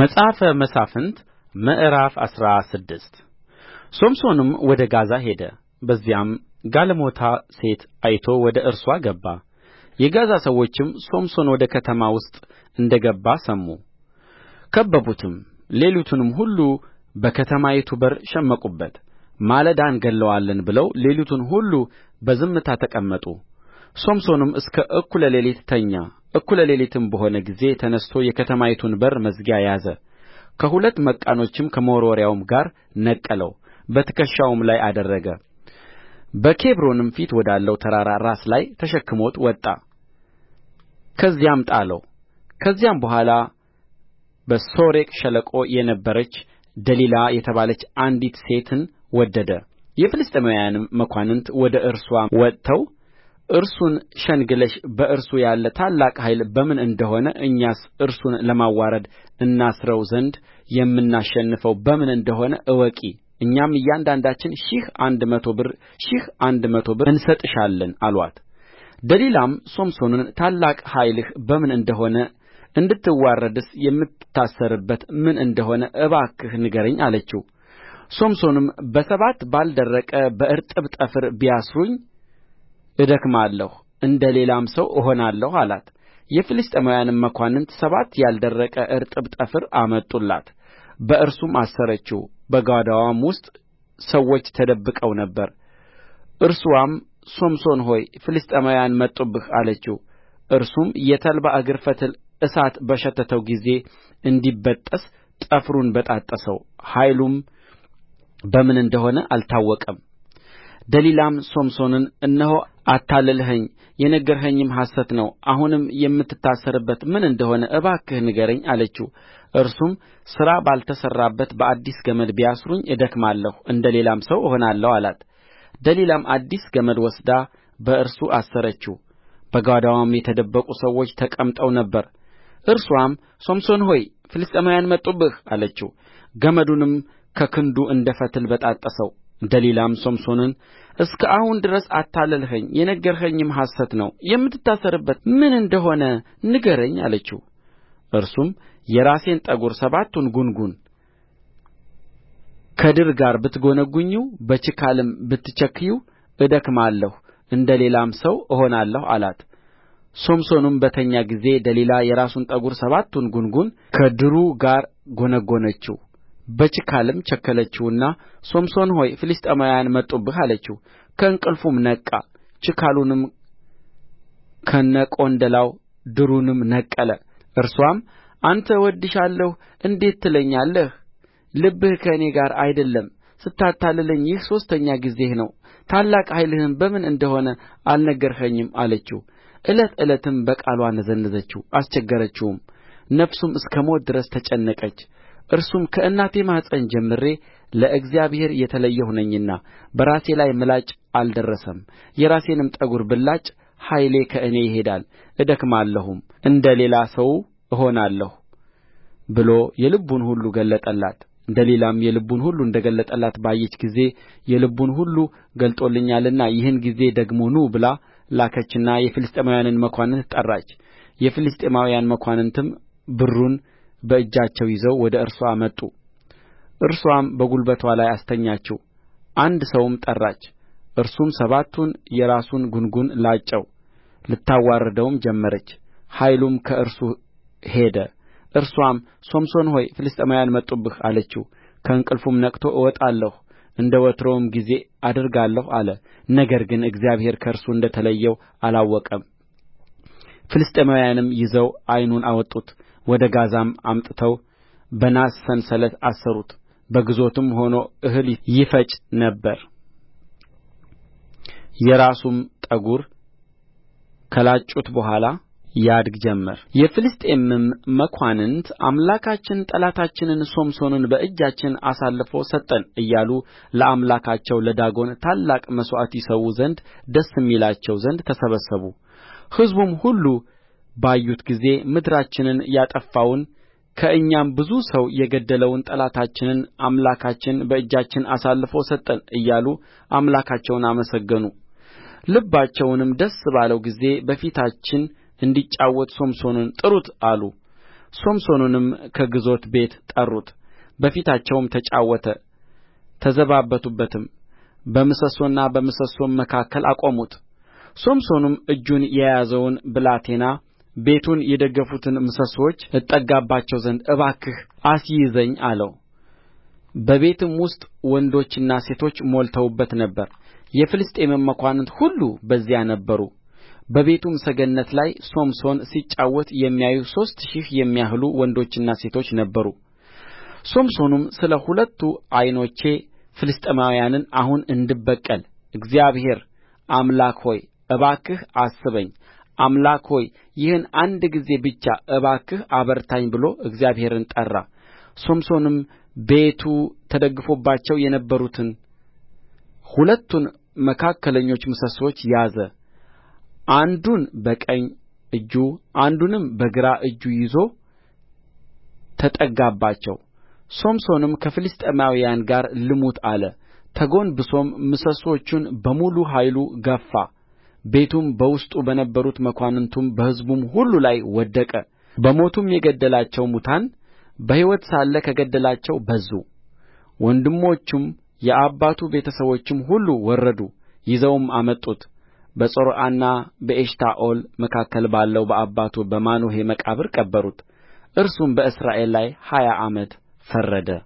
መጽሐፈ መሣፍንት ምዕራፍ አስራ ስድስት ሶምሶንም ወደ ጋዛ ሄደ። በዚያም ጋለሞታ ሴት አይቶ ወደ እርሷ ገባ። የጋዛ ሰዎችም ሶምሶን ወደ ከተማ ውስጥ እንደ ገባ ሰሙ፣ ከበቡትም። ሌሊቱንም ሁሉ በከተማይቱ በር ሸመቁበት። ማለዳ እንገድለዋለን ብለው ሌሊቱን ሁሉ በዝምታ ተቀመጡ። ሶምሶንም እስከ እኩለ ሌሊት ተኛ። እኩለ ሌሊትም በሆነ ጊዜ ተነሥቶ የከተማይቱን በር መዝጊያ ያዘ ከሁለት መቃኖችም ከመወርወሪያውም ጋር ነቀለው በትከሻውም ላይ አደረገ በኬብሮንም ፊት ወዳለው ተራራ ራስ ላይ ተሸክሞት ወጣ ከዚያም ጣለው ከዚያም በኋላ በሶሬቅ ሸለቆ የነበረች ደሊላ የተባለች አንዲት ሴትን ወደደ የፍልስጥኤማውያንም መኳንንት ወደ እርስዋ ወጥተው እርሱን ሸንግለሽ በእርሱ ያለ ታላቅ ኃይል በምን እንደ ሆነ እኛስ እርሱን ለማዋረድ እናስረው ዘንድ የምናሸንፈው በምን እንደ ሆነ እወቂ እኛም እያንዳንዳችን ሺህ አንድ መቶ ብር ሺህ አንድ መቶ ብር እንሰጥሻለን አሉአት ደሊላም ሶምሶንን ታላቅ ኃይልህ በምን እንደ ሆነ እንድትዋረድስ የምትታሰርበት ምን እንደ ሆነ እባክህ ንገረኝ አለችው ሶምሶንም በሰባት ባልደረቀ በእርጥብ ጠፍር ቢያስሩኝ እደክማለሁ እንደ ሌላም ሰው እሆናለሁ አላት የፍልስጥኤማውያንም መኳንንት ሰባት ያልደረቀ እርጥብ ጠፍር አመጡላት በእርሱም አሰረችው በጓዳዋም ውስጥ ሰዎች ተደብቀው ነበር እርስዋም ሶምሶን ሆይ ፍልስጥኤማውያን መጡብህ አለችው እርሱም የተልባ እግር ፈትል እሳት በሸተተው ጊዜ እንዲበጠስ ጠፍሩን በጣጠሰው ኃይሉም በምን እንደሆነ አልታወቀም ደሊላም ሶምሶንን እነሆ አታለልኸኝ የነገርኸኝም ሐሰት ነው አሁንም የምትታሰርበት ምን እንደ ሆነ እባክህ ንገረኝ አለችው እርሱም ሥራ ባልተሠራበት በአዲስ ገመድ ቢያስሩኝ እደክማለሁ እንደ ሌላም ሰው እሆናለሁ አላት ደሊላም አዲስ ገመድ ወስዳ በእርሱ አሰረችው በጓዳዋም የተደበቁ ሰዎች ተቀምጠው ነበር እርስዋም ሶምሶን ሆይ ፍልስጥኤማውያን መጡብህ አለችው ገመዱንም ከክንዱ እንደ ፈትል በጣጠሰው ደሊላም ሶምሶንን እስከ አሁን ድረስ አታለልኸኝ የነገርኸኝም ሐሰት ነው የምትታሰርበት ምን እንደ ሆነ ንገረኝ አለችው እርሱም የራሴን ጠጕር ሰባቱን ጕንጕን ከድር ጋር ብትጐነጕኚው በችካልም ብትቸክዪው እደክማለሁ እንደ ሌላም ሰው እሆናለሁ አላት ሶምሶንም በተኛ ጊዜ ደሊላ የራሱን ጠጕር ሰባቱን ጕንጕን ከድሩ ጋር ጐነጐነችው በችካልም ቸከለችውና ሶምሶን ሆይ ፍልስጥኤማውያን መጡብህ አለችው ከእንቅልፉም ነቃ ችካሉንም ከነቆንዳላው ድሩንም ነቀለ እርስዋም አንተ እወድድሻለሁ እንዴት ትለኛለህ ልብህ ከእኔ ጋር አይደለም ስታታልለኝ ይህ ሦስተኛ ጊዜህ ነው ታላቅ ኃይልህም በምን እንደሆነ አልነገርኸኝም አለችው ዕለት ዕለትም በቃልዋ ነዘነዘችው አስቸገረችውም ነፍሱም እስከ ሞት ድረስ ተጨነቀች እርሱም ከእናቴ ማኅፀን ጀምሬ ለእግዚአብሔር የተለየሁ ነኝና በራሴ ላይ ምላጭ አልደረሰም የራሴንም ጠጕር ብላጭ ኃይሌ ከእኔ ይሄዳል እደክማለሁም እንደ ሌላ ሰው እሆናለሁ ብሎ የልቡን ሁሉ ገለጠላት ደሊላም የልቡን ሁሉ እንደ ገለጠላት ባየች ጊዜ የልቡን ሁሉ ገልጦልኛልና ይህን ጊዜ ደግሞ ኑ ብላ ላከችና የፍልስጥኤማውያንን መኳንንት ጠራች የፍልስጥኤማውያን መኳንንትም ብሩን በእጃቸው ይዘው ወደ እርስዋ መጡ እርስዋም በጉልበቷ ላይ አስተኛችው አንድ ሰውም ጠራች እርሱም ሰባቱን የራሱን ጕንጕን ላጨው ልታዋርደውም ጀመረች ኃይሉም ከእርሱ ሄደ እርሷም ሶምሶን ሆይ ፍልስጥኤማውያን መጡብህ አለችው ከእንቅልፉም ነቅቶ እወጣለሁ እንደ ወትሮውም ጊዜ አደርጋለሁ አለ ነገር ግን እግዚአብሔር ከእርሱ እንደ ተለየው አላወቀም ፍልስጥኤማውያንም ይዘው ዓይኑን አወጡት ወደ ጋዛም አምጥተው በናስ ሰንሰለት አሰሩት በግዞትም ሆኖ እህል ይፈጭ ነበር የራሱም ጠጕር ከላጩት በኋላ ያድግ ጀመር። የፍልስጥኤምም መኳንንት አምላካችን ጠላታችንን ሶምሶንን በእጃችን አሳልፎ ሰጠን እያሉ ለአምላካቸው ለዳጎን ታላቅ መሥዋዕት ይሠዉ ዘንድ ደስ ይላቸው ዘንድ ተሰበሰቡ። ሕዝቡም ሁሉ ባዩት ጊዜ ምድራችንን ያጠፋውን ከእኛም ብዙ ሰው የገደለውን ጠላታችንን አምላካችን በእጃችን አሳልፎ ሰጠን እያሉ አምላካቸውን አመሰገኑ ልባቸውንም ደስ ባለው ጊዜ በፊታችን እንዲጫወት ሶምሶንን ጥሩት አሉ ሶምሶንንም ከግዞት ቤት ጠሩት በፊታቸውም ተጫወተ ተዘባበቱበትም በምሰሶና በምሰሶም መካከል አቆሙት ሶምሶንም እጁን የያዘውን ብላቴና ቤቱን የደገፉትን ምሰሶች እጠጋባቸው ዘንድ እባክህ አስይዘኝ አለው በቤትም ውስጥ ወንዶችና ሴቶች ሞልተውበት ነበር የፍልስጥኤምም መኳንንት ሁሉ በዚያ ነበሩ በቤቱም ሰገነት ላይ ሶምሶን ሲጫወት የሚያዩ ሦስት ሺህ የሚያህሉ ወንዶችና ሴቶች ነበሩ ሶምሶንም ስለ ሁለቱ ዐይኖቼ ፍልስጥኤማውያንን አሁን እንድበቀል እግዚአብሔር አምላክ ሆይ እባክህ አስበኝ አምላክ ሆይ ይህን አንድ ጊዜ ብቻ እባክህ አበርታኝ ብሎ እግዚአብሔርን ጠራ። ሶምሶንም ቤቱ ተደግፎባቸው የነበሩትን ሁለቱን መካከለኞች ምሰሶች ያዘ፣ አንዱን በቀኝ እጁ አንዱንም በግራ እጁ ይዞ ተጠጋባቸው። ሶምሶንም ከፍልስጥኤማውያን ጋር ልሙት አለ። ተጐንብሶም ምሰሶቹን በሙሉ ኃይሉ ገፋ ቤቱም በውስጡ በነበሩት መኳንንቱም በሕዝቡም ሁሉ ላይ ወደቀ በሞቱም የገደላቸው ሙታን በሕይወት ሳለ ከገደላቸው በዙ ወንድሞቹም የአባቱ ቤተ ሰቦችም ሁሉ ወረዱ ይዘውም አመጡት በጾርዓና በኤሽታኦል መካከል ባለው በአባቱ በማኑሄ መቃብር ቀበሩት እርሱም በእስራኤል ላይ ሀያ ዓመት ፈረደ